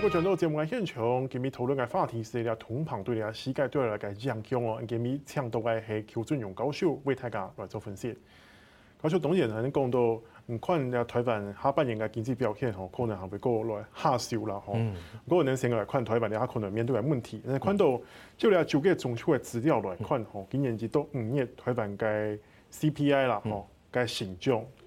今日上到節目嘅現場，佢哋討論嘅話題是：係啦，通膨對你啊世界對你嚟講影響哦。要，咁佢哋聽到嘅係邱俊榮教授，為大家嚟做分析。教授當然係講到，唔況啊台灣下半年嘅經濟表現可能係會過來下修啦，嗰個成個嚟況，啊啊嗯、先來看台灣咧可能面對嘅問題。但係看到即係啊，主計總處嘅資料來看，今年至到五月台灣嘅 CPI 啦、啊，咁嘅成長。啊啊啊啊啊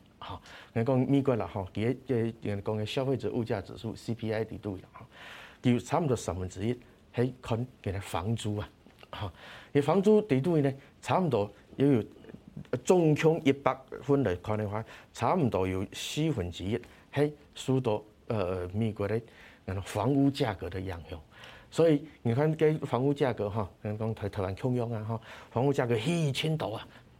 嚇！我講美國啦，嚇，佢嘅講的消費者物價指數 CPI 幾多呀？嚇，就差唔多三分之一係看佢哋房租啊！嚇，你房租幾多呢？差唔多有中空一百分嚟看嘅話，差唔多有四分之一係受到呃，美國咧房屋價格的影響。所以你看啲房屋價格，嚇，我講台台灣控央啊，嚇，房屋價格起千多啊！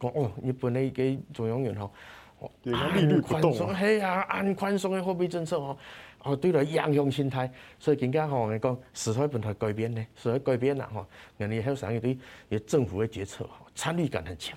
講哦，日本嘅中央銀行哦，按利率、啊、寬鬆係啊，按寬鬆的貨幣政策哦，哦對住央行心態，所以更加吼，我講，時態不斷改變咧，所以改變啦，吼，人哋後生嗰啲要政府的決策，參與感很強。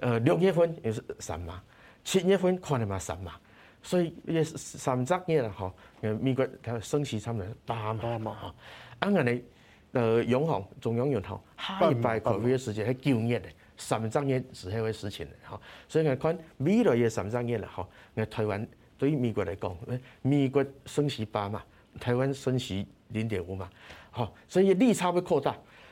呃、嗯，六月份又是三碼，七月份看的嘛三碼，所以也是、啊、呢個三十了啦，呃，美國，佢升息差唔多八八碼，嗬，咁人哋呃，央行中央銀行一百個月時間，喺九息嘅，三十億是喺嗰啲事情咧，嗬，所以我看未來嘅三十億了嗬，誒台灣對於美國嚟講，美國升息八碼，台灣升息零點五碼，嗬，所以利差會擴大。